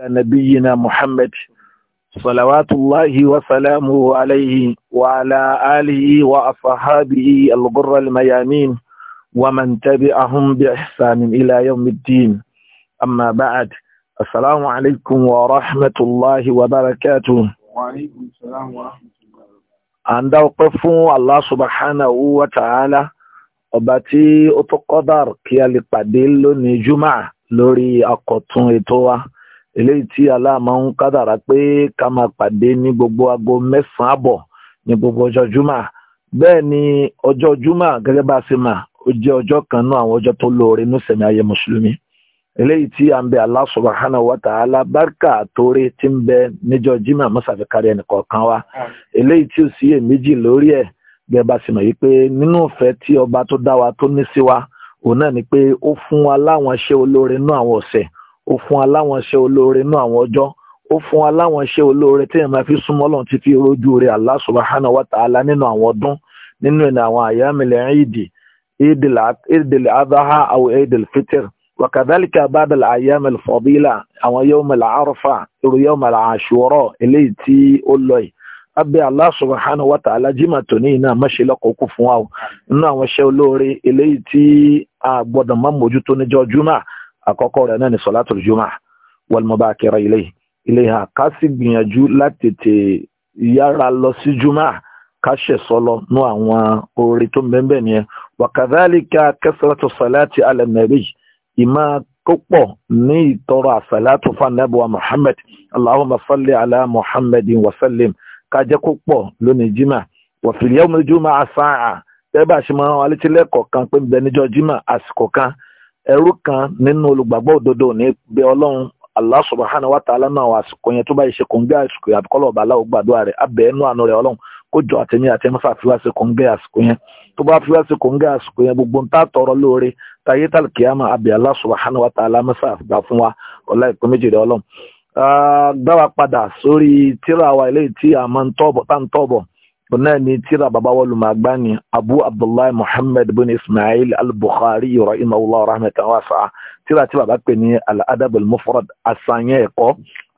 لنبينا محمد صلوات الله وسلامه عليه وعلى آله وأصحابه الغر الميامين ومن تبعهم بإحسان إلى يوم الدين أما بعد السلام عليكم ورحمة الله وبركاته وعليكم السلام ورحمة الله àǹdá ọpẹ́ fún Allah subhanahu wa ta'ala ọba tí ó tó kọ́dàr kí a lè pàdé lónìí jùmọ̀ lórí akọ̀tún ètò wa eléyìí tí Allah máa ń kádàrá pé ká máa pàdé ní gbogbo aago mẹ́sàn-án àbọ̀ ní gbogbo ọjọ́ júmà bẹ́ẹ̀ ni ọjọ́ júmà gẹ́gẹ́ bá a ṣe mà ó jẹ́ ọjọ́ kan náà àwọn ọjọ́ tó lóore ní sẹ̀mí ayé mùsùlùmí eléyìí tí à ń bẹ Allah subhanahu wa ta'ala bárkà àtòrè tí ń bẹ níjọ́ jimá mọ́sàfẹ́kárí ẹnìkọ̀ọ̀kan wa eléyìí tí ò sí èméjì lórí ẹ̀ gẹ́gẹ́ bá a ṣe mọ̀ yìí pé nínú ìfẹ́ tí ọba tó dá wa tó ní sí wa òun náà ni pé ó fún wa láwọn iṣẹ́ olóore nú àwọn ọ̀sẹ̀ ó fún aláwọn iṣẹ́ olóore nú àwọn ọjọ́ ó fún aláwọn iṣẹ́ olóore téèyàn máa fi súnmọ́ lọ́n ti fi rojú rẹ̀ Allah subhanahu wa ta'ala nínú àwọn ọdún nínú ẹ̀ àwọn àyàmìlẹ̀ ìdì ìdìlẹ̀ adáhà àwọn ìdìlẹ̀ fitr وكذلك بعد الأيام الفضيلة أو يوم العرفة أو يوم العاشوراء إليتي أولي أبي الله سبحانه وتعالى جمع تنينا ماشي لقو كفواو إنا وشي أولوري إليتي أبدا مموجو تنجو àkọ́kọ́ rẹ̀ náà ni solatul juma wal mubakira ilayhi ilayha ká sì gbìyànjú láti tètè yára lọ sí juma ká ṣẹ̀ sọlọ nú àwọn oore tó ń bẹ́ẹ̀ bẹ́ẹ̀ nìyẹn wa kadhalika kasratu salati ala nabi ìmọ̀ kópọ̀ ní ìtọrọ àsàlátù fanabuwa muhammad allahumma salli ala muhammadin wa sallim kájẹ́ kópọ̀ lónìí jimá wa fil àsáà bẹ́ẹ̀ bá ṣe máa ń wá létí lẹ́kọ̀ọ́ kan pé bẹ́ẹ̀ níjọ́ jimá àsìkò kan ẹrú kan nínú olùgbàgbọ́ òdodo ní bẹ ọlọ́run Allah subhanahu wa ta'ala náà àsìkò yẹn tó bá ṣe kò ń gbé àsìkò yẹn àbíkọ́lọ̀ ọba aláwọ̀ gbàdúrà rẹ̀ abẹ́ ẹnu àánú rẹ̀ ọlọ́run kó jọ àtẹ̀mí àti sí kò ń gbé àsìkò yẹn tó bá sí kò ń gbé àsìkò yẹn gbogbo ń tà tọrọ lóore abẹ́ náà ni tíra bàbá wọlù máa gbá ni abu abdullahi muhammad bin ismail al-bukhari rahimahullah rahmatan wasa tíra tí bàbá pè ní al-adab al-mufrad àṣàyàn ẹ̀kọ́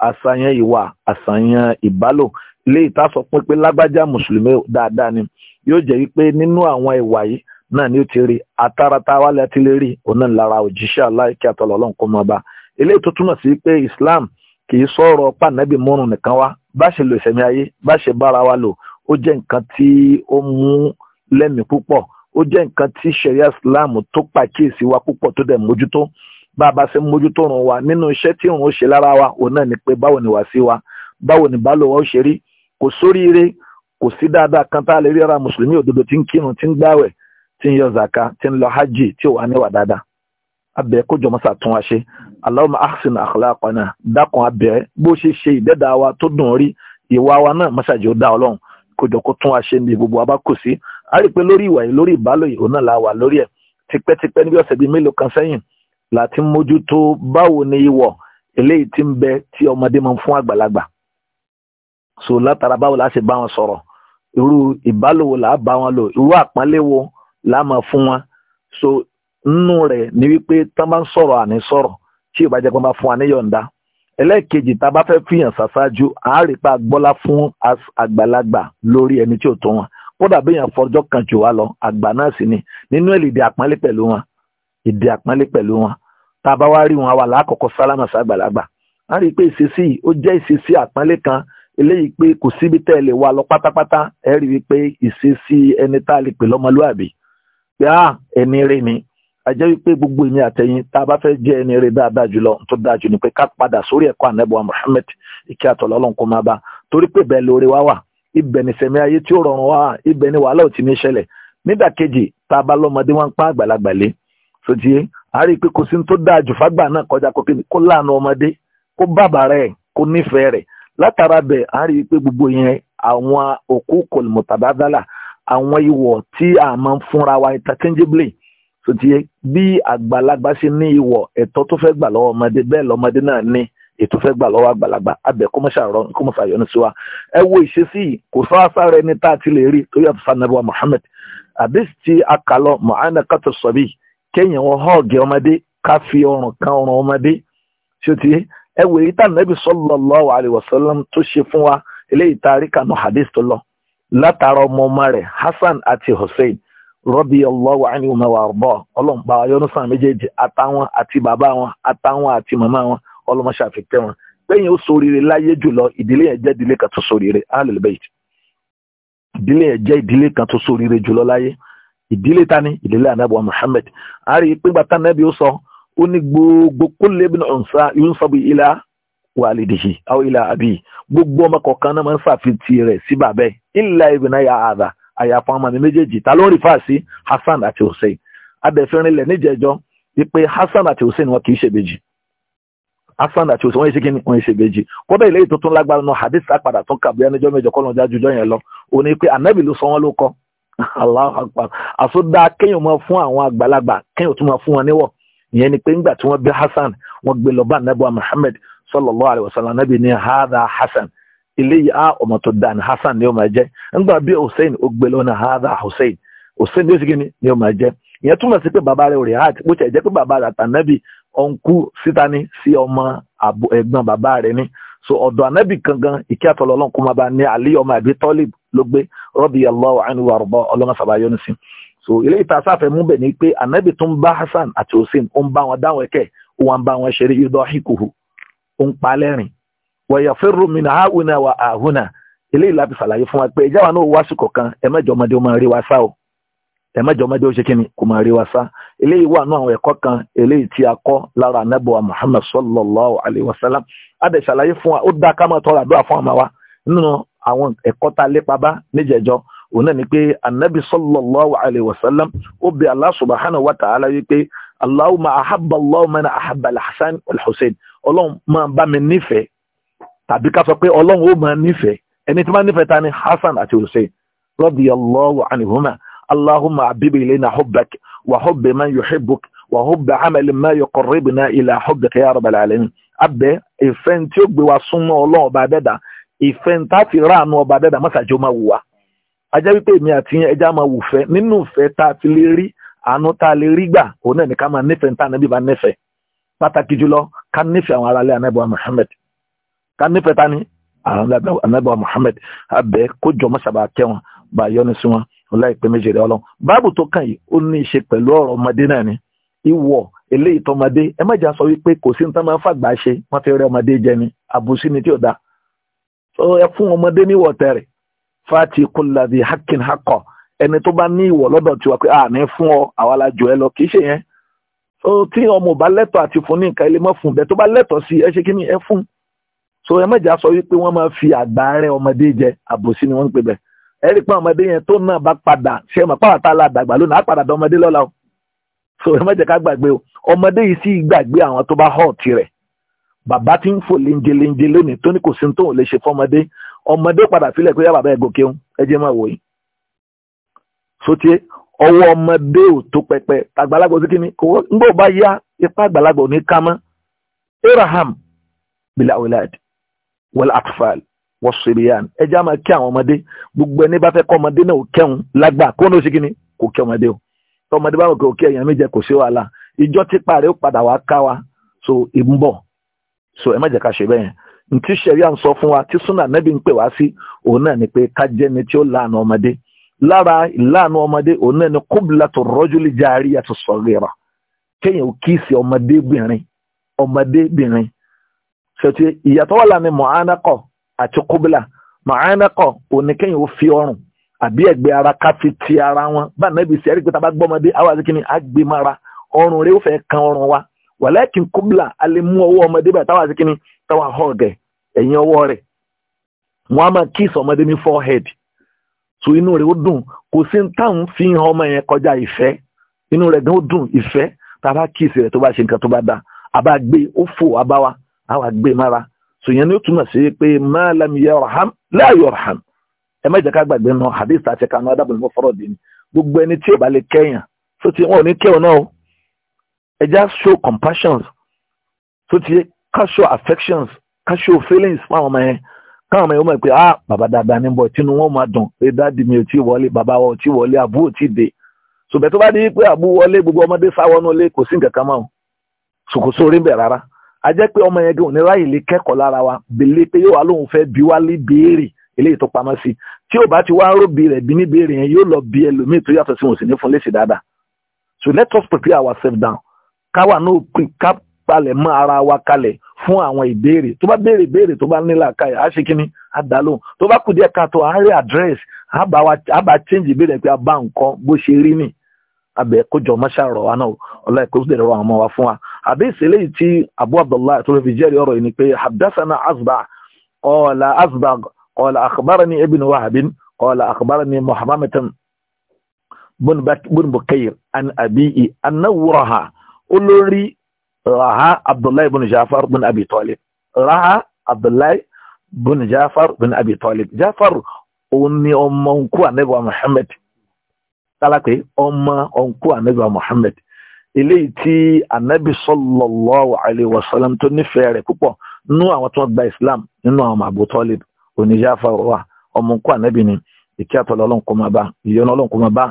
àṣàyàn ìwà àṣàyàn ìbálò lè ta sọ pé pé lágbájá mùsùlùmí dáadáa ni yóò jẹ́ wípé nínú àwọn ìwà yìí náà ni ó ti rí atáratáwá láti lè rí òun náà lára òjíṣẹ́ aláìkí àtọ̀lọ́ ọlọ́run kó máa bá eléyìí tó túmọ̀ sí pé islam kì í sọ̀rọ̀ pàǹdàbí mọ́rùn nìkan wá bá ṣe lo ìṣẹ̀mí ayé bá ṣe bára wa lò ó jẹ́ nǹkan tí ó mú lẹ́mìí púpọ̀ ó jẹ́ nǹkan tí sharia islam tó pàkíyèsí wa púpọ̀ tó dẹ̀ mójútó bá a bá ṣe mójútó rùn wa nínú iṣẹ́ tí òun ó ṣe lára wa òun náà ni pé báwo ni wà sí wa báwo ni bá lò wá ó ṣe rí kò sóríire kò sí dáadáa kan tá a lè rí ara mùsùlùmí òdodo tí ń kírun tí ń gbàwẹ̀ tí ń yọ zaka tí ń lọ hajj tí ò wá níwà dáadáa abẹ kójọ mọ́sá tún wa ṣe Allahumma ahsin akhlaqana dákun abẹ bó ṣe ṣe ìdẹ́dàá wa tó dùn rí ìwà wa náà mọ́sàjì ó dá ọlọ́run kójọ kó tún wa ṣe níbi gbogbo abá kù sí a rí i pé lórí ìwà yìí lórí ìbálò yìí òun náà la wà lórí ẹ̀ tipẹ́tipẹ́ níbi ọ̀sẹ̀ bíi mélòó kan sẹ́yìn la ti mójútó báwo ni ìwọ̀ eléyìí ti ń bẹ tí ọmọdé máa ń fún àgbàlagbà so látara báwo la ṣe bá wọn sọ̀rọ̀ irú ìbálò wo là á bá wọn lò irú àpọ́nlé wo là á máa fún wọn so nínú rẹ̀ ni wípé tán bá ń sọ̀rọ̀ àní sọ̀rọ̀ tí ìbàjẹ́ kan bá fún wa níyọ̀ǹda ẹlẹ́ẹ̀kejì tá a bá fẹ́ fìyàn ṣàṣáájú àárẹ̀pá gbọ́lá fún àgbàlagbà lórí ẹni tí ò tó wọn kódà bí èèyàn fọjọ́ kan jù wá lọ àgbà náà sì ni nínú ẹ̀ lìdí àpọ́nlé pẹ̀lú wọn ìdí àpọ́nlé pẹ̀lú wọn tá a bá wá rí wọn wà lákọ̀ọ́kọ́ sálámà sàgbàlagbà á rí i pé ìṣesí yìí ó jẹ́ ìṣesí àpọ́nlé kan eléyìí pé kò síbi tẹ́ ẹ lè wá lọ pátápátá ẹ rí i pé ìṣesí ẹni tá a lè pè lọ́mọlúàbí pé á ah, ẹni rí ni àjẹ́ wípé gbogbo èmi àtẹ̀yìn tá a bá fẹ́ jẹ́ ẹni rẹ̀ dáadáa jùlọ tó dáa jù ni pé ká padà sórí ẹ̀kọ́ ànẹ́bùwà Muhammad ìkẹ́ àtọ̀lọ́ ọlọ́run kó máa bá torí pé bẹ́ẹ̀ lóore wá wà ibẹ̀ ni sẹ̀mí ayé tí ó rọrùn wá wà ibẹ̀ ni wàhálà ò ti ní ṣẹlẹ̀ nídàkejì tá a bá lọ́mọdé wọn ń pa àgbàlagbà lé sotí a rí i pé kò sí tó dáa jù fágbà náà kọjá kó kíni kó láàánú ọmọdé kó bàbà rẹ̀ kó nífẹ̀ẹ́ rẹ̀ látara bẹ̀ a rí i pé gbogbo yẹn àwọn òkú kòlìmọ̀tàbádàlà àwọn ìwọ̀ tí a máa ń fúnra wa interchangeably tó ti yẹ bí àgbàlagbà ṣe ní ìwọ̀ ẹ̀tọ́ tó fẹ́ gbà lọ́wọ́ ọmọdé bẹ́ẹ̀ lọ́mọdé náà ní ètò fẹ́ gbà lọ́wọ́ àgbàlagbà abẹ́ kọ́mọ́ṣàrọ̀ kọ́mọ́fàyọ́nù sí wa ẹ wo ìṣesí yìí kò sọ àṣàrẹ ẹni tá a ti lè rí tó yàtọ̀ sanabuwa Muhammad àdéhùn tí a kà lọ mọ̀ánà kàtó sọ̀bì kéèyàn wọn hóògì ọmọdé ká fi ọrùn kan ọrùn ọmọdé ṣé ti ẹ wo èyí tá nàbì sallallahu alaihi wasallam tó ṣe fún wa eléyìí tá a rí kànú hadith tó lọ látara ọmọ ọmọ rẹ̀ Hasan àti Hussein radiyallahu anhuma wa arda ọlọ́run bá wa yọ́nú sàn méjèèjì àtàwọn àti bàbá wọn àtàwọn àti màmá wọn ọlọ́mọ ṣàfikẹ́ wọn lẹ́yìn ó sóríire láyé jùlọ ìdílé yẹn jẹ́ ìdílé kan tó sóríire ahlul bayt ìdílé yẹn jẹ́ ìdílé kan tó sóríire jùlọ láyé ìdílé tani ìdílé anabuwa Muhammad àárí pípa tánàbí ó sọ ó ní gbogbo kullu ibn unsa yunsabu ila walidihi aw ila abi gbogbo ọmọ kọ̀ọ̀kan náà máa ń ṣàfitì rẹ̀ sí bàbẹ́ illa ibn ya àdá àyàfọ́ ọmọ mi méjèèjì ta ló ń rìfà sí Hasan àti Hussein abẹ́fẹ́rinlẹ̀ níjẹ̀jọ́ wípé Hasan àti Hussein wọn kì í ṣèbejì Hasan àti Hussein wọ́n yẹ sí kí ni wọ́n yẹ ṣèbejì kódà ilé yìí tuntun lágbára náà hadith apàdà tó kà bóyá níjọ́ mẹ́jọ kọ́lọ́n jájú jọ́ yẹn lọ òun ni pé anabi ló sọ wọ́n ló kọ́ Allahu Akbar àsọdá kéèyàn máa fún àwọn àgbàlagbà kéèyàn tún máa fún wọn níwọ̀ ìyẹn ni pé ńgbà tí wọ́n bí Hasan wọ́n gbé lọ anabi wa Muhammad sallallahu alayhi anabi ní hadha Hasan eléyìí á ah, ọmọ tó dá Hasan ni ó máa jẹ́ ńgbà bí Hussein ó hada Hussein Hussein ló sì ni ó máa jẹ́ ìyẹn túmọ̀ sí pé bàbá rẹ̀ ò rí hajj bó tiẹ̀ jẹ́ pé bàbá rẹ̀ àtànẹ́bì ọ̀nkú síta ní sí ọmọ ẹ̀gbọ́n bàbá rẹ̀ ní so ọ̀dọ̀ ànẹ́bì kankan ìkẹ́ àtọ̀lọ́ ọlọ́run kó máa bá ní Ali ọmọ Abi Talib ló gbé radiyallahu anhu wa arda so ilé ìta sáfẹ́ ni pé ànẹ́bì tó ń bá Hussein ó ń bá wọn dáwọn ẹ̀kẹ́ ó wọn bá wọ̀yàfẹ́rù mi náà àhùnà wà àhùnà eléyìí láti ṣàlàyé fún wa pé ìjà wa náà wá sí kọ̀ọ̀kan ẹ mẹ́jọ ọmọdé ó máa rí wa sá o ẹ mẹ́jọ ọmọdé ó ṣe kí ni kò máa rí wa sá eléyìí wà nú àwọn ẹ̀kọ́ kan eléyìí tí a kọ́ lára anábọ̀wá Muhammad sallallahu alayhi wa sallam adé ṣàlàyé fún wa ó dá ká máa tọrọ àdúrà fún àmà wa nínú àwọn ẹ̀kọ́ tá lépa bá níjẹ̀jọ òun náà ni pé anabi sallallahu alayhi wa sallam ó bi Allah subhanahu wa ta'ala wípé Allahumma ahabba Allahu ahabba al-Hasan ọlọ́run máa bá mi nífẹ̀ẹ́ tàbí ká sọ pé ọlọ́run ó máa nífẹ̀ẹ́ ẹni tí máa nífẹ̀ẹ́ ta ni Hasan àti Hussein radiyallahu anhuma allahumma habib ilayna hubbak wa hubba man yuhibbuk wa hubba amal ma yuqarribuna ila hubbika ya rabbal alamin abẹ́ ìfẹ́ tí ó gbé wa súnmọ́ ọlọ́run ọba abẹ́dà ìfẹ́ tá fi ráàánú ọba abẹ́dà mọ́sàájú máa wù wá ajá wípé èmi àti ẹja máa wù fẹ́ nínú ìfẹ́ tá a lè rí àánú tá lè rí gbà òun náà ní máa nífẹ̀ẹ́ tá a bá nífẹ̀ẹ́ pàtàkì jùlọ ká nífẹ̀ẹ́ àwọn aráalé anábọ̀ Muhammad ká nífẹ̀ẹ́ ta ni anabi muhammed abẹ kójọ mọ́sàbà kẹwọn bá yọnu sí wọn láìpé méjì rẹ ọlọ́run báàbù tó kàn yìí ó ní í ṣe pẹ̀lú ọ̀rọ̀ ọmọdé náà ni ìwọ eléyìí tọmọdé ẹ má jà sọ wípé kò sí nǹkan máa ń fàgbà ṣe wọn fi rẹ ọmọdé jẹ ni àbùsí ni tí ò da ẹ fún ọmọdé ní ìwọ tẹrẹ fati kullabi hakin hakọ ẹni tó bá ní ìwọ lọ́dọ̀ tiwa pé a ní fún ọ àwa la jù ẹ lọ kì í ṣe yẹn tí ọmọ ò bá lẹ́tọ̀ọ́ àti fún ní nǹkan ẹ mọ fún bẹ́ẹ̀ tó bá lẹ́tọ̀ọ́ sí ẹ ṣe kí ni ẹ fún so ẹ mọ̀jà sọ wípé ma máa fi àgbà rẹ ọmọdé jẹ àbòsí ni wọn ń pè bẹ́ẹ̀ ẹ rí pé ọmọdé yẹn tó náà bá padà ṣe a dàgbà lónìí á padà dán ọmọdé lọ́la o so ẹ mọ̀jà ká gbàgbé o ọmọdé yìí sì gbàgbé àwọn fọmọdé ọmọdé padà pé bàbá ń ẹ máa wò ọmọdé ò tó pẹpẹ àgbàlagbà kíni bá yá wal atfal wọ́sibíyàn ẹjẹ́ àmọ́ kí àwọn ọmọdé gbogbo ẹni bá fẹ́ kọ́ ọmọdé náà kẹ́hùn lágbà kó ní oṣù kìíní kò kí ọmọdé o tọmọdé bá wọn kò kí ẹ̀yàn méje kò sí wàhálà ìjọ tí parí ó padà wá ká wa so ìbúbọ̀ so ẹ má jẹ́ ká ṣe bẹ́ẹ̀ yẹn ntí sẹ̀rí à ń sọ fún wa tí súnà nẹ́bí ń pè wá sí òun náà ni pé ká jẹ́ ni tí ó láàánú ọmọdé lára ìláàánú ọmọdé òun náà ni ṣètì ìyàtọ̀ wà láàrin mọ̀ánàkọ̀ àti kúbílà mọ̀ánàkọ̀ oníkẹ́yìn ó fi ọrùn àbí ẹ̀gbẹ́ ara ká fi ti ara wọn bá nàbí sí ẹ̀rí pé bá gbọ́mọdé àwọn àti kìnnì àgbèmára ọrùn rẹ̀ ó fẹ́ kan ọrùn wa wàlẹ́kìn kúbílà a lè mú ọwọ́ ọmọdé báyìí táwọn àti kìnnì táwọn àhọ́ọ̀gẹ̀ ẹ̀yìn ọwọ́ rẹ̀ wọ́n á máa kíìsì ọmọdé ní forehead so inú rẹ̀ ó dùn kò sí táwọn fi hàn ọmọ yẹn kọjá ìfẹ́ inú rẹ̀ gan ó dùn ìfẹ́ tá a bá kíìsì rẹ̀ tó bá ṣe nǹkan tó bá dáa àbá gbé ó fò àbá àwọn àgbè mára sòyẹn ni ó túmọ̀ sí pé máa lámì yẹ ọ̀rọ̀hám láàyò ọ̀rọ̀hám ẹ má jẹ́ ká gbàgbé náà hadith àti kanu adábòlùmọ́ fọ́rọ̀ dì ní gbogbo ẹni tí ò bá lè kẹ́yàn so ti wọn ò ní kẹ́yàn náà ẹ já show compassion. So ti ká show affections ká show feelings fáwọn ọmọ yẹn káwọn ọmọ yẹn wọ́n mọ̀ pé ah bàbá dáadáa ní bọ̀ tínú wọn máa dùn pé dáàdì mi ò tí wọlé bàbá wa ò tí wọlé àbú ò tí dé ṣùgbọ́n tó bá dé pé àbú wọlé gbogbo ọmọdé sáwọnú ilé kò sí nǹkan kan mọ́ ṣòkòṣò orí ń bẹ̀ rárá a jẹ́ pé ọmọ yẹn gan òní ráyè lè kẹ́kọ̀ọ́ lára wa bèlè pé yóò wá lóun fẹ́ bí wá lé béèrè eléyìí tó pamọ́ sí tí ò bá ti wá róbi rẹ̀ bí ní béèrè yẹn yóò lọ bí ẹlòmíì tó yàtọ̀ sí wọn sì ní fún léṣe dáadáa so let us prepare ourselves down káwa náà pè ká palẹ̀ mọ́ ara wa kalẹ̀ fún àwọn ìbéèrè tó bá béèrè béèrè tó bá nílà káyà á ṣe kínní á dá lóhùn tó bá kù díẹ̀ káàtó á rí àdírẹ́sì á bá change ìbéèrè pé a bá nǹkan bó ṣe rí nì abẹ́ kójọ mọ́ṣáàrọ̀ wa náà ọlọ́ọ̀kọ́ sì dẹ̀rọ̀ àwọn ọmọ wa fún wa àbẹ́sẹ̀ eléyìí tí abu abdullahi tó lè fi jẹ́rìí ọ̀rọ̀ yìí ni pé habdasana asba ọ̀la asba ọ̀la akhbarani ibn wahabin ọ̀la akhbarani muhammadu bun bukayir an abiyi annawuraha olórí raha abdullahi bun jafar bun abi talib raha abdullahi bun jafar bun abi talib jafar òun ni ọmọ nkú anabi wa muhammad tálákè ọmọ nkú anabi muhammad eléyìí tí anabi sallallahu alaihi wasallam tó nífẹ̀ẹ́ rẹ̀ púpọ̀ nú àwọn tó gba islam nínú àwọn Abu Talib oníyàfà wà ọmọkú anabi ni ìkí àtọlọ Ọlọ́run kó máa bá ìyọnu Ọlọ́run kó máa bá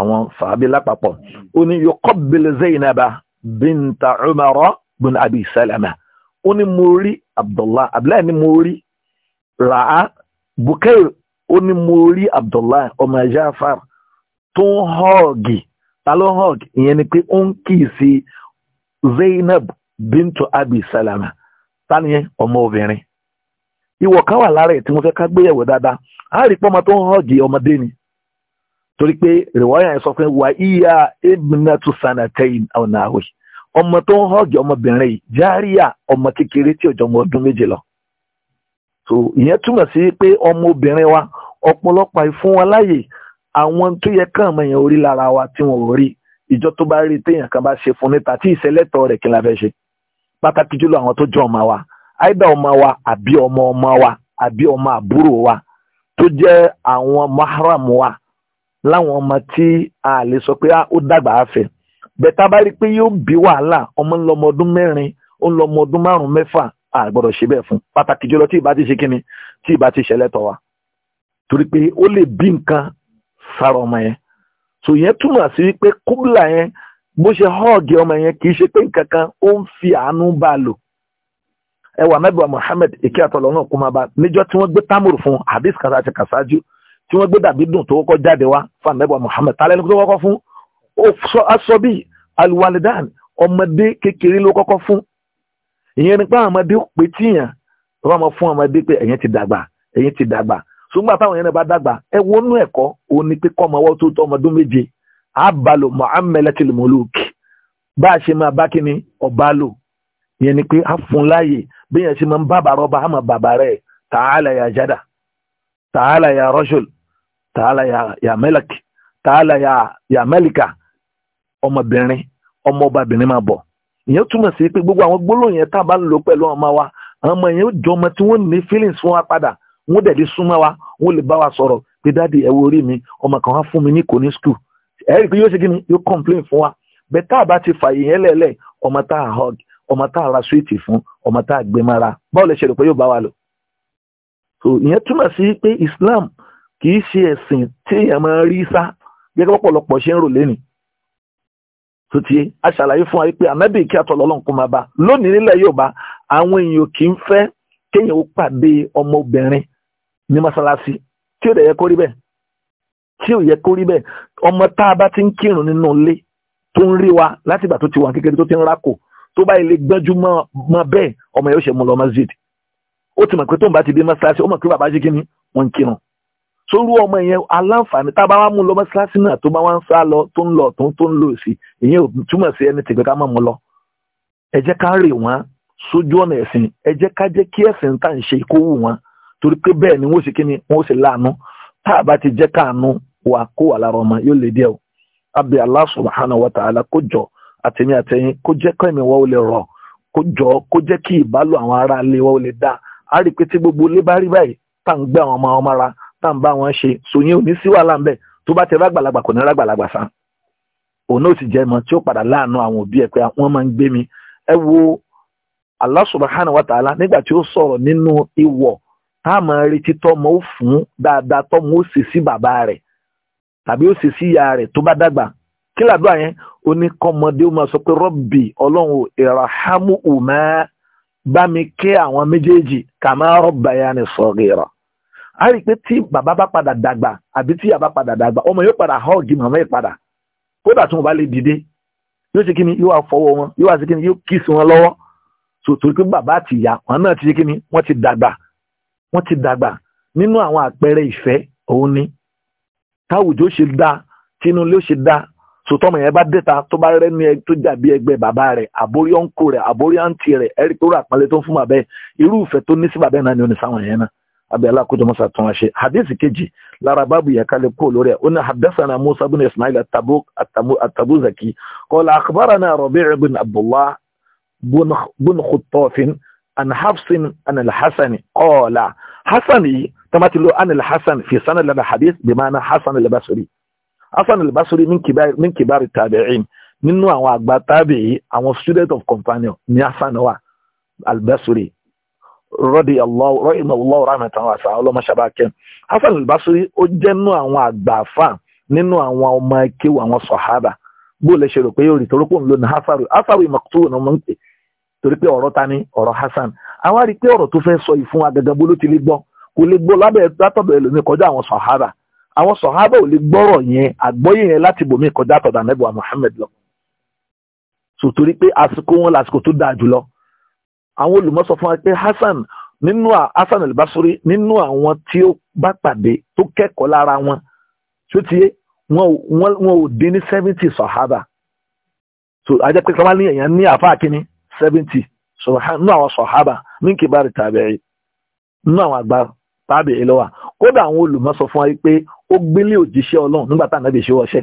àwọn fàábí lápapọ̀ ó ní yuqabbil Zainaba binta Umar bin Abi Salama ó ní mo rí Abdullah abdullahi ni mo rí ra'a Bukair ó ní mo rí Abdullah ọmọ Jafar tó ń họ́ọ̀gì alohog ìyẹn ni pé ó ń kíyèsí Zainab bintu Abi Salama tánìyẹn ọmọ obìnrin ìwọ̀ kan wà lára ẹ̀ tí mo fẹ́ ká gbéyẹ̀wò dáadáa á rí pọ́nmọ tó ń họ́ọ̀gì ọmọdé ni torí pé rìwọ́yà sọ ebinatu ọ̀nàwé ọmọ tó ń lọ. ìyẹn túmọ̀ sí pé wa ọ̀pọ̀lọpọ̀ ìfún láàyè àwọn tó yẹ kàn mọ̀ yẹn orí lára wa tí wọn ò rí ìjọ tó bá rí téèyàn kan bá ṣe fún níta tí ìṣẹlẹtọ rẹ kí n la fẹ́ ṣe pàtàkì jùlọ àwọn tó jẹ́ ọmọ wa àìdá ọmọ wa àbí ọmọ ọmọ wa àbí ọmọ àbúrò wa tó jẹ́ àwọn mahram wa láwọn ọmọ tí a lè sọ pé ó dàgbà àfẹ bẹta bá rí pé yóò bí wàhálà ọmọ ń ọdún mẹ́rin ó ń ọdún márùnún mẹ́fà a ṣe bẹ́ẹ̀ fún pàtàkì jùlọ tí ìbá torí pé ó lè bí nǹkan sára ọmọ yẹn so yẹn túmọ̀ sí wípé kúbúlà yẹn bó ṣe họ́ọ̀gì ọmọ yẹn kì í ṣe pé nǹkan kan ó ń fi àánú bá a lò ẹwà mẹ́bàá Muhammad èké àtọ̀lọ́ náà kó máa bá níjọ́ tí wọ́n gbé támùrù fún hadith kàtà àti kàṣáájú tí wọ́n gbé dàbí dùn tó kọ́kọ́ jáde wá fún mẹ́bàá Muhammad tálẹ́ ní kó tó kọ́kọ́ fún aṣọ bíi alwalidan ọmọdé kékeré ló kọ́kọ́ fún ìyẹn nípa ọmọdé pé tíyàn wọ́n máa fún ọmọdé pé ẹ̀yẹn ti dàgbà ẹ̀yẹn ti dàgbà ṣùgbọ́n àtàwọn yẹn náà bá dàgbà ẹ wọnú ẹ̀kọ́ òun ni pé kọ́mọ ọwọ́ tó tọ́ ọmọdún méje àbálò muhammadu muluk bá a ṣe máa bá kíni ọba lò yẹn ni pé a fún láàyè bí yẹn ṣe máa ń bàbà rọba àmọ́ bàbà rẹ̀ tààlà yà jádà tààlà yà rọ́ṣọl tààlà yà mẹ́lẹ̀kì tààlà yà mẹ́lìkà ọmọbìnrin ọmọ ọbabìnrin máa bọ̀ ìyẹn túmọ̀ sí pé gbogbo àwọn gbólóhùn yẹn tá a bá lò pẹ̀lú ọmọ wa àwọn ọmọ yẹn ó jọ tí wọ́n ní feelings fún wa padà wọ́n dẹ̀ di súnmọ́ wa wọ́n lè bá wa sọ̀rọ̀ pé dáàdi orí mi ọmọ kan wá fún mi ní kò ní skul yóò ṣe kí yóò complain fún wa bẹ́ẹ̀ tá a bá ti fààyè yẹn ọmọ tá a hug ọmọ tá a ra sweet fún ọmọ tá a gbé mara báwo lè ṣe rò pé yóò bá wa lò. so ìyẹn túmọ̀ Islam kì ṣe ẹ̀sìn tí èèyàn máa rí sá gẹ́gẹ́ pọ̀pọ̀lọpọ̀ ṣe ń rò lénìí tó aṣàlàyé fún wa pé ànábì kí atọ́ lọ́lọ́run kó máa bá lónìí ní masalasi, tí ò dẹ̀ yẹ kó rí bẹ́ẹ̀ tí ò yẹ kó rí bẹ́ẹ̀ ọmọ tá a bá ti ń kírun nínú ilé tó ń rí wa láti ìgbà tó ti wà kékeré tó ti ń rákò tó bá ilé gbẹ́jú mọ́ bẹ́ẹ̀ ọmọ yóò ṣe mú lọ masjid ó ti mọ̀ pé tó ń bá ti dé mọ́ṣáláṣí ó mọ̀ pé bàbá jí kí ni wọ́n ń kírun sórú ọmọ yẹn aláǹfààní tá a bá wá mú lọ mọ́ṣáláṣí náà tó bá wá ń sá lọ tó ń lọ tó ń tó ń lò sí ìyẹn ò túmọ̀ sí ẹni tìgbẹ́ ká mọ̀ mú lọ ẹ jẹ́ ká rè wọ́n sójú ọ̀nà ẹ̀sìn ẹ jẹ́ ká jẹ́ kí ẹ̀sìn tá à ń ṣe kó wù torí pé bẹ́ẹ̀ ni wọ́n ṣe kí ni wọ́n ṣe láàánú tá a bá ti jẹ́ káàánú wa kó wà lára ọmọ yóò lè díẹ̀ o abẹ Allah subhanahu wa ta'ala kó jọ àtẹ̀mí àtẹ̀yìn kó jẹ́ kọ́ ẹ̀mí wa ó lè rọ̀ kó jọ kó jẹ́ kí ìbálò àwọn ará ilé wa ó lè dáa a rí i pé tí gbogbo ilé bá rí báyìí tá à ń gbé àwọn ọmọ ọmọ ara tá à ń bá wọn ṣe sòyìn ò ní sí wàhálà ń bẹ̀ tó bá ti rágbàlagbà kò ní rágbàlagbà sá òun náà sì jẹ́ ìmọ̀ tí ó padà láàánú àwọn òbí ẹ̀ pé wọ́n máa ń gbé mi ẹ wo Allah subhanahu wa ta'ala nígbà tí ó sọ̀rọ̀ nínú ìwọ̀ a máa retí tọmọ ó fún dáadáa tọmọ ó ṣe sí bàbá rẹ̀ tàbí ó ṣe sí ìyá rẹ̀ tó bá dàgbà kí làdúrà yẹn ó ó máa sọ pé rọ́bì ọlọ́run ìràhámù ùmá bá mi kí àwọn méjèèjì kà máa rọ́bà yá ni sọ̀rọ̀ a rí i pé tí bàbá bá padà dàgbà àbí tí ìyá bá padà dàgbà ọmọ yóò padà họ́ọ̀gì màmá yìí padà kódà tí wọn bá lè dìde yóò ṣe kíni yóò wá fọwọ́ wọn yóò wá ṣe kíni yóò kíìsì wọn lọ́wọ́ sòtò pé bàbá àti ìyá wọn náà ti ṣe kíni wọ́n ti dàgbà wọ́n ti dàgbà nínú àwọn àpẹẹrẹ ìfẹ́ òun ni táwùjọ ṣe dá tínú ilé ó ṣe dá sòtọ́mọ yẹn bá dẹ́ta tó bá rẹ́ ní tó jàbí ẹgbẹ́ bàbá rẹ̀ àbórí ọ̀nkò rẹ̀ àbórí àǹtí rẹ̀ ẹ̀rí tó rà pálẹ̀ tó ń fún bàbá ẹ̀ irú ìfẹ́ tó ní sí bàbá ẹ̀ náà ni ó ní sáwọn yẹn náà abẹ́ alákòjọmọ́sá tó wọn ṣe hadith kejì lára báàbù yẹn kó lórí ẹ̀ ó ní hadassana musa bin ismail atabuzaki kọ́lá akhbarana rabi' bin abdullah bin khutofin an hafsin an alhassan qala hassan yìí tamati lo an alhassan fi sanad lana hadith bi maana hassan albasri hassan albasri min kibar min kibar tabi'in nínú àwọn àgbà tabi'i àwọn student of companion ni hassan wa albasri rọ́dí Allah rahmatan wa sa ọlọ́mọ ṣàbákẹ́ hassan albasri ó jẹ́ nínú àwọn àgbà àfà nínú àwọn ọmọ ẹkẹ́wò àwọn sọ̀hábà bó lè ṣe rò pé yóò rí torókùn lónìí hasaru hasaru ìmọ̀kútù náà torí pé ọ̀rọ̀ ta ni ọ̀rọ̀ Hasan àwa rí i pé ọ̀rọ̀ tó fẹ́ sọ yìí fún agagagbó ló ti lè gbọ́ kò lè gbọ́ lábẹ́ látọ̀dọ̀ ẹlòmíì kọjá àwọn sọ̀hábà àwọn sọ̀hábà ò lè gbọ́rọ̀ yẹn àgbọ́yé yẹn láti bòmíì kọjá àtọ̀dọ̀ àmẹ́bùwà Muhammad lọ. sò torí pé àsìkò wọn làsìkò tó dáa jùlọ àwọn olùmọ̀sọ fún wa pé Hasan nínú Hasan al-Basri nínú àwọn tí ó bá pàdé tó kẹ́kọ̀ọ́ lára wọn tó ti wọn ò dín ní seventy sọ̀hábà so ajẹ́ pé sọ́wọ́n ní èèyàn ní àfáà kínní seventy subhan nínú àwọn sọ̀hábà ní kìbárì tàbíì nínú àwọn àgbà tàbíì ló wà kódà àwọn olùmọ̀ sọ fún wa pé ó gbélé òjíṣẹ́ ọlọ́run nígbà tá ànábì ṣe wọṣẹ́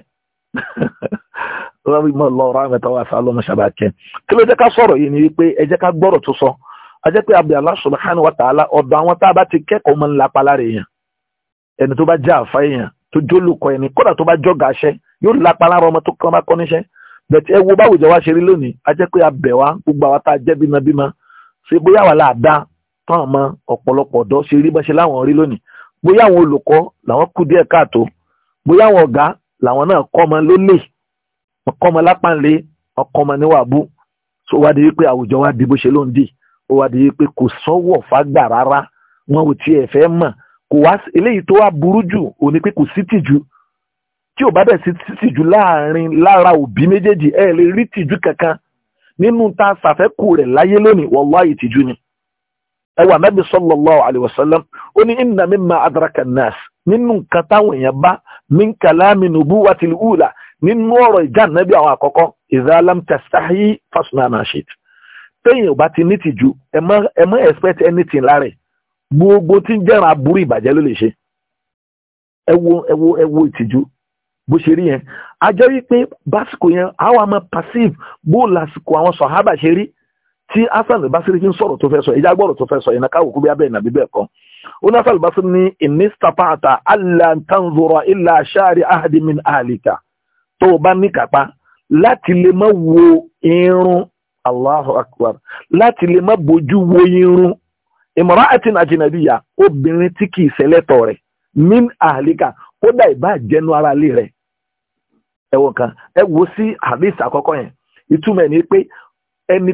rárá ìmọ̀ lọ́ọ́ rárá mẹ́ta wà fà lọ́mọ ṣàbàkẹ́ kí ló jẹ́ ká sọ̀rọ̀ yìí ni wípé ẹ jẹ́ ká gbọ́rọ̀ tó sọ a jẹ́ pé abdul allah subhanahu wa ta'ala ọ̀dọ̀ àwọn tá a bá ti kẹ́kọ̀ọ́ mọ́ ńlá palára èèyàn ẹni tó bá jẹ́ àfa èèyàn tó jólùkọ ẹni kódà tó bá jọ́gàṣẹ́ yóò lápalára ọmọ tó kàn bá kọ́ níṣẹ́ bẹ̀tẹ̀ ẹ wo báwùjọ wa ṣe rí lónìí a jẹ́ pé a bẹ̀ wá gbogbo àwa tá a jẹ́ bímọbímọ ṣe bóyá wà láàdá tán àmọ́ ọ̀pọ̀lọpọ̀ ọ̀dọ́ ṣe rí bọ́ṣe láwọn rí lónìí bóyá àwọn olùkọ́ làwọn kú díẹ̀ káàtó bóyá àwọn ọ̀gá làwọn náà kọ́ ọmọ lólè ọkọ́ ọmọ lápánlé ọkọ́ ọmọ níwàbú tó wá di wípé àwùjọ wa di bó ṣe ló dì ó wá di wípé kò sọ́wọ́ fágbà rárá wọn ò tiẹ̀ fẹ́ mọ̀ kò wá eléyìí tó wá burú jù òní pé kò sí tìjú tí ò bá dẹ̀ sí tìjú láàrin lára òbí méjèèjì ẹ̀ lè rí tìjú kankan nínú ta ṣàfẹ́kù rẹ̀ láyé lónìí wàláhì tìjú ni. ẹ wà Ànábì sallallahu alayhi wa sallam ó ní inna mimma adraka an-nas nínú nǹkan táwọn èèyàn bá min kalami nubuwatil ula nínú ọ̀rọ̀ ìjà Ànábì àwọn àkọ́kọ́ idha lam tastahi fasna ma shit téèyàn ò bá ti ní tìjú ẹ má expect anything lára ẹ̀ gbogbo tí ń jẹ́ràn aburú ìbàjẹ́ ló lè ṣe ẹ wo ẹ wo ẹ wo ìtìjú bó ṣe rí yẹn a jẹ́ wípé básìkò yẹn àwọn àmọ́ passive bó lásìkò àwọn sọ̀hábà ṣe rí tí hasan basiri fi ń sọ̀rọ̀ tó fẹ́ sọ ìjà gbọ́rọ̀ tó fẹ́ sọ ìnáka òkú bí abẹ́ ìnàbí bẹ́ẹ̀ kan ó ní hasan basiri ní ìnísítàpáàtà alantanzura ilà aṣáárí ahadimin ahalika tó o bá ní kápá láti lè má wo irun allahu akbar láti lè má bójú wo irun imra'atin ajnabiya obìnrin tí kì í ṣẹlẹ́tọ̀ rẹ̀ min ahalika kódà ìbá jẹnu ara lé rẹ̀ ẹwọ kan ẹ sí hadith àkọ́kọ́ yẹn ìtumọ̀ pé ẹni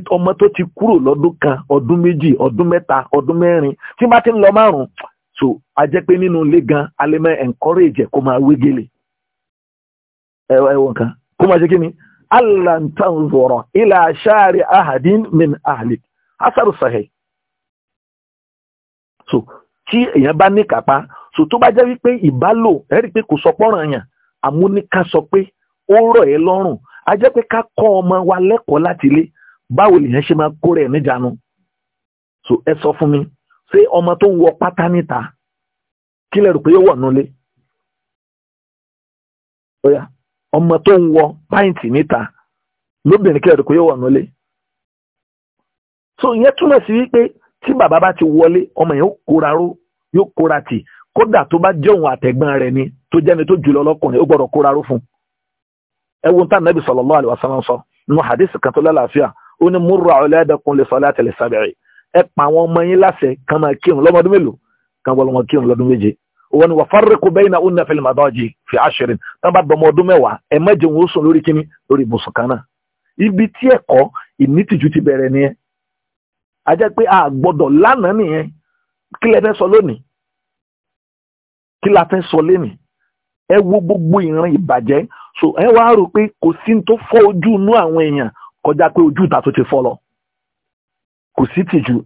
ti kúrò lọ́dún kan ọdún méjì ọdún mẹ́ta ọdún mẹ́rin tí bá ti lọ márùn so a jẹ́ pé nínú ilé gan alẹ́mọ̀ encourage kó máa wégele ẹwọ kan kó máa ṣe kí ni allah zọrọ ahadin min asaru so tí èèyàn bá ní kápá so tó bá jẹ́ wípé ìbálò ẹ̀rí pé kò sọ pọ́nrán sọ pé ó rọ̀ ẹ́ lọ́rùn a jẹ́ pé ká kọ́ ọmọ wa lẹ́kọ̀ọ́ láti ilé báwo lèèyàn ṣe máa kó níjànú so ẹ sọ fún mi ṣé ọmọ tó ń wọ pátá níta kí lẹ rò pé yóò wọ̀ nulẹ̀ ọ̀yà ọmọ tó ń wọ pàìntì níta lóbìnrin kí lẹ rò pé yóò wọ̀ nulẹ̀ so ìyẹn túmọ̀ sí wípé tí bàbá bá ti wọlé ọmọ yẹn ó kóra ró yóò kóra tì kódà tó bá jẹ́ òun àtẹ̀gbọ́n ni tó jẹ́ni tó jùlọ lọ́kùnrin ó gbọ́dọ̀ kóra ró fún un ẹwọ́n tá nàbì sallallahu alaihi wasallam sọ nínú hadith kan tó lálàáfíà ó ní murru auladakum li salati as-sab'i ẹ pa àwọn ọmọ yín láṣẹ kan máa kírun lọ́mọdún mélòó kan bọ́ lọ́mọ kírun lọ́dún méje òun ni wa farriqu bayna unna fil madaji fi ashrin tán bá dọmọ ọdún mẹ́wàá ẹ má jẹun ó sùn lórí kíní lórí ibùsùn kan náà ibi tí ẹ̀kọ́ ìnítìjú ti bẹ̀rẹ̀ nìyẹn a jẹ́ pé a gbọ́dọ̀ lánàá nìyẹn kí lẹ fẹ́ sọ lónìí kí la fẹ́ sọ lénìí ẹ wo gbogbo ìran ìbàjẹ́ so ẹ wá rò pé kò sí tó fọ ojú inú àwọn èèyàn kọjá pé ojú ìta tó ti kò sí tìjú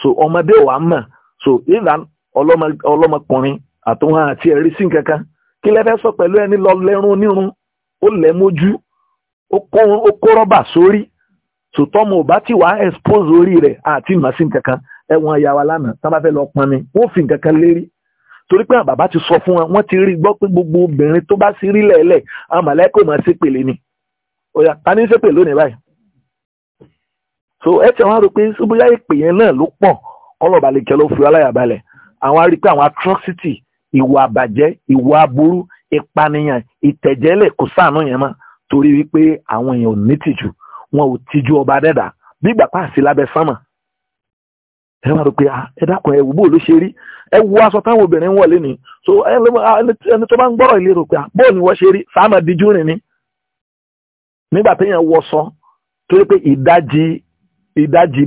so ọmọdé wa mọ̀ so ìlànà ọlọ́mọkùnrin àtúnhàn àti ẹ̀rí sí kankan kí lẹ́fẹ́ sọ pẹ̀lú ẹni lọ onírun ó lẹ̀ mójú ó kó rọba sórí ò bá ti wá expose orí àti màsí kankan ìyàwó lánàá bá lọ pọnmi fi kankan torí pé bàbá ti sọ fún wọn wọ́n ti rí gbọ́ pé gbogbo obìnrin tó bá sí rí lẹ́ẹ̀lẹ̀ àwọn mọ̀lẹ́kọ̀ máa ṣépèlé ni ọ̀yà ta ní ṣépè lónìí báyìí so ẹ ti wọn rò pé bóyá ìpè yẹn náà ló pọ̀ kọ́lọ̀ balẹ̀ kẹ́ ló fi aláyà balẹ̀ àwọn arí pé àwọn atrocity ìwà àbàjẹ́ ìwà aburú ìpànìyàn ìtẹ̀jẹ́lẹ̀ kò sáànù yẹn mọ́ torí wípé àwọn èèyàn ò ní tìjú wọn ò tìjú ọba dẹ́dà bí ẹ wá rò pé ah, ẹ dákun ẹ wò ló ṣe rí ẹ wo aṣọ táwọn so ẹni tó bá ń gbọ́rọ̀ ìlérò pé ah, ni wọ́n ṣe rí díjú rìn ni nígbà wọ sọ tó yẹ pé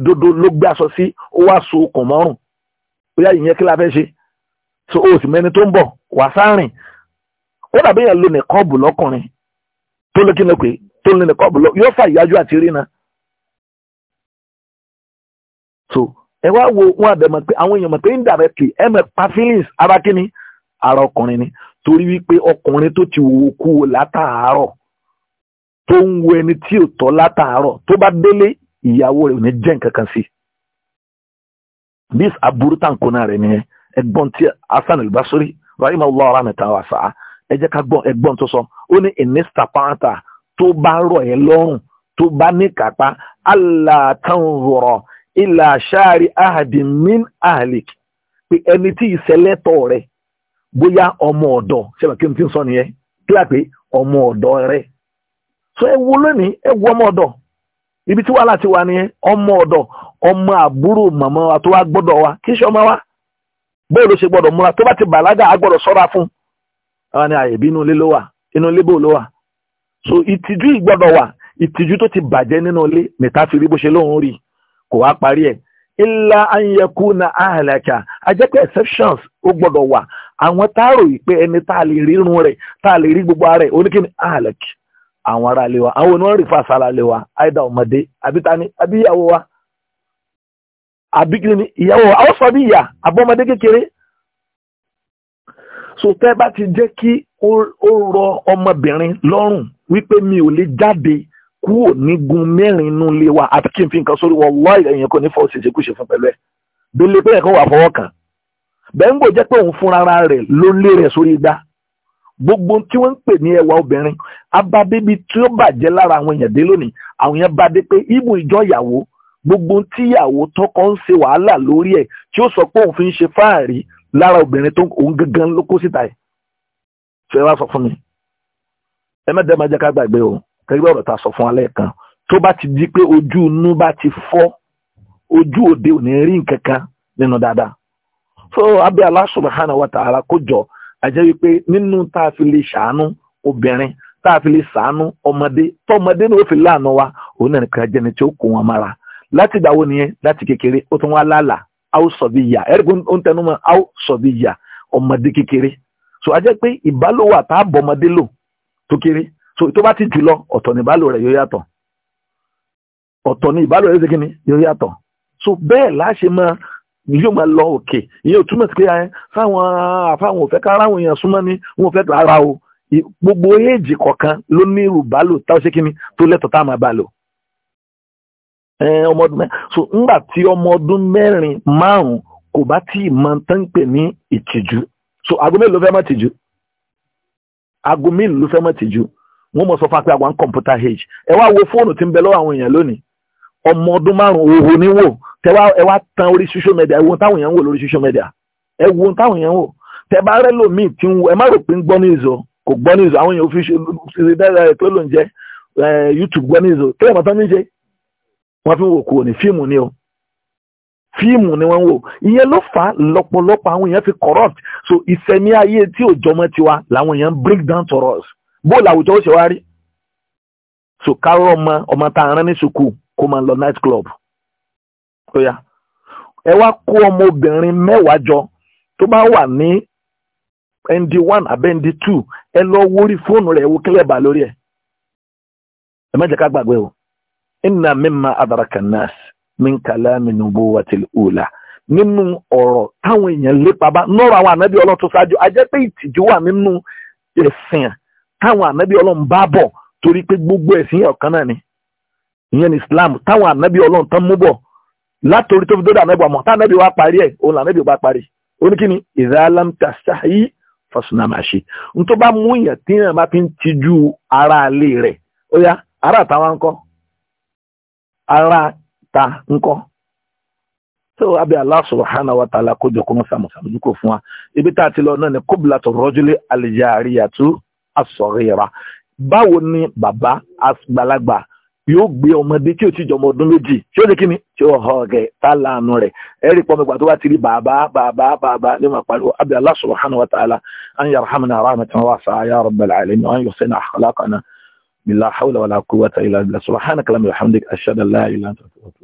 dodo ló gbé aṣọ sí ó wá so okùn mọ́rùn ìyẹn kí la fẹ́ ṣe o sì mẹ́ni tó ń bọ̀ wà sárìn ó dàbí lo nìkọ́ọ̀bù lọ́kùnrin tó ló kí ni pé tó ẹ wá wo wọn àbẹ̀mọ̀ pé àwọn èèyàn mọ̀ pé ń dàbẹ̀ pé ẹ mọ̀ pa feelings ara kíni ara ọkùnrin ni torí wípé ọkùnrin tó ti wò kú wò látàárọ̀ tó ń wo ẹni tí ò tọ́ látàárọ̀ tó bá délé ìyàwó rẹ̀ ò ní jẹ́ nǹkan kan sí bí aburú tàǹkó náà rẹ̀ nìyẹn ẹgbọ́n tí Hasan al-Basri rahima allah rahmata wa sa ẹ jẹ́ ká gbọ́n ẹgbọ́n tó sọ ó ní ìnísítà pàǹtà tó bá rọ̀ ẹ́ lọ́rùn tó bá ní kápá allah tán rọrọ̀ ilà àṣàrí ahadimin ahlik pé ẹni tí ìṣẹlẹ́tọ̀ rẹ̀ bóyá ọmọ ọ̀dọ̀ ṣẹlẹ̀ kí n ti sọ nìyẹn kílà pé ọmọ ọ̀dọ̀ rẹ̀ so ẹ wo lónìí ẹ wo ọmọ ọ̀dọ̀ ibi tí wàhálà ti wà nìyẹn ọmọ ọ̀dọ̀ ọmọ àbúrò màmá wa tó wá gbọ́dọ̀ wa kí ṣe ọmọ wa bẹ́ẹ̀ ló ṣe gbọ́dọ̀ múra tó bá ti bàlágà á gbọ́dọ̀ sọ́ra fún àwọn ni àyèbí inú ilé ló wà inú ilé bò ló wà so ìtìjú ìgbọ́dọ̀ wà ìtìjú tó ti bàjẹ́ nínú ilé nìta fi rí bó ṣe lóun rí i kò wá parí ẹ̀ illa an yakuna ahlaka ajẹ́pẹ́ exceptions ó gbọ́dọ̀ wà àwọn tá a ẹni tá a lè rí irun rẹ̀ tá a lè rí gbogbo ara rẹ̀ oníkíni ahlaka àwọn ará ilé wa àwọn oníwọ̀n rí fàṣà ara ilé wa àìdá ọmọdé àbí tani àbí ìyàwó wa àbí kí ni ìyàwó wa àwọn sọ bí ìyà àbọ̀mọdé kékeré so tẹ́ bá ti jẹ́ kí ó rọ ọmọbìnrin lọ́rùn wípé mi ò lè jáde kúrò nígun mẹ́rin inú ilé wa àti kí n fi nǹkan sórí wallahi èèyàn kò ní fọ́ ṣèṣe kú ṣe fún pẹ̀lú ẹ̀ délé pé ẹ̀kan wà fọwọ́ kàn bẹ́ńgbò jẹ́ pé òun fúnra rẹ̀ ló lé rẹ̀ sórí igbá gbogbo tí wọ́n ń pè ní ẹwà obìnrin abadébi tí ó bàjẹ́ lára àwọn èèyàn dé lónìí àwọn èèyàn bá dé pé ibùn ìjọ ìyàwó gbogbo tíyàwó tọkọ ń ṣe wàhálà lórí ẹ̀ tí ó sọ pé òun fi ń ṣe fáàrí lára obìnrin tó òun gangan ló kó síta ẹ̀ fẹ́ wá sọ fún mi ẹ mẹ́tẹ́ẹ̀ máa jẹ́ ká gbàgbé o kẹ́gbẹ́ ọ̀rọ̀ ta sọ fún alẹ́ kan tó bá ti di pé ojú inú bá ti fọ́ ojú òde ò ní rí nǹkan nínú dáadáa so abẹ́ Allah subhanahu wa ta'ala kó jọ àjẹ́ wípé nínú tá a fi lè ṣàánú obìnrin tá a fi lè ṣàánú ọmọdé tọmọdé ni ó fi láàánú wa òun náà nìkan jẹ́ni tí ó kó wọn mára láti ìgbà wo nìyẹn láti kékeré ó tún wá lálàá áwò sọ̀bí ìyá ẹ̀rí pé ó ń tẹnu mọ́ áwò sọ̀bí ìyá ọmọdé kékeré so àjẹ́ pé ìbálòwà tá a bọ̀ ọmọdé lò tó kéré tó bá ti jù lọ ọ̀tọ̀ ní ìbálò rẹ̀ yóò yàtọ̀ ọ̀tọ̀ ní ìbálò rẹ̀ ṣèkínní yóò yàtọ̀ so bẹ́ẹ̀ láṣẹ mọ yóò máa lọ òkè ìyẹn ò túmọ̀ sí pé fáwọn àfáwọn òfẹ́ kára àwọn èèyàn súnmọ́ ni wọn ò fẹ́ rárá o gbogbo éèjì kọ̀ọ̀kan ló ní irú bálò táwọn ṣèkínní tó lẹ́tọ̀ tá a máa bálò so ńgbà tí ọmọ ọdún mẹ́rin márùn kò bá tí ì mọ tán ń pè ní ìtìjú so aago mélòó fẹ́ mọ́ tìjú aago mélòó fẹ́ mọ́ tìjú wọ́n mọ̀ sọ fún apẹ́ àwọn computer age ẹ wá wo fóònù tí ń bẹ lọ́wọ́ àwọn èèyàn lónìí ọmọ ọdún márùn-ún òhun ni wò tẹ́wá ẹ tan orí social media ẹ wo táwọn èèyàn ń wò lórí social media ẹ wo táwọn èèyàn ń wò tẹ bá rẹ lòmíì tí ń wò ẹ má rò pé ń gbọ́ ní ìzọ kò gbọ́ ní ìzọ àwọn èèyàn òfin ṣe dáadáa tó ló ń jẹ́ YouTube gbọ́ ní ìzọ kílẹ̀ mọ́tán ní jẹ́ wọ́n fi ń wò kúrò ní fíìmù ni o fíìmù ni wọ́n ń wò ìyẹn ló fà á lọ́pọ̀lọpọ̀ àwọn èèyàn fi corrupt so ìsẹ̀mí ayé tí òjọmọ́ tiwa làwọn èèyàn break down to us bóòlù àwùjọ ó ṣe wá rí so kárọ ọmọ ọmọ tá a rán ní kó máa lọ night club ó yá ẹ wá kó ọmọbìnrin mẹ́wàá jọ tó bá wà ní nd one nd two ẹ lọ wórí fóònù ẹ má ká gbàgbé o inna mimma adaraka min nínú ọ̀rọ̀ táwọn èèyàn lépa bá nọ́ọ̀rọ̀ àwọn ànábì ọlọ́tún ṣáájú táwọn ànábì ọlọ́run bá bọ̀ torí pé gbogbo ẹ̀sìn ọ̀kan náà ni ìyẹn ni islam táwọn ànábì ọlọ́run tán mú bọ̀ látòrí tó fi dọ́dọ̀ ànábì ọmọ tánábì wa parí ẹ̀ òun lànábì wa parí oníkíni ìdáàlám tàṣáyí fọṣùnàmáṣe n tó bá mú yàn tí yàn bá fi ń tijú ara ilé rẹ̀ ó yá ara táwa ńkọ́ ara ta ńkọ́ tó abẹ́ Allah subhanahu wa ta'ala kójọ kó mọ́ sàmùsàmù ní kò fún wa ibi tá a ti lọ náà ni kóbìlà tó rọ́júlé àlìyà àríyàtú asọ̀rẹ́ra báwo ni bàbá àgbàlagbà yóò gbé ọmọdé tí ó ti jọmọ ọdún méjì tí ó lè kí ni tí ó hàn rẹ tá láàánú rẹ ẹrí pọmọ ìgbà tó bá ti rí bàbá bàbá bàbá ní ma pariwo abi Allah subhanahu wa ta'ala an yarhamna rahmatan wasi'a ya rabbal alamin an yusina akhlaqana bila hawla wala quwwata illa billah subhanaka wa bihamdika ashhadu an la ilaha illa anta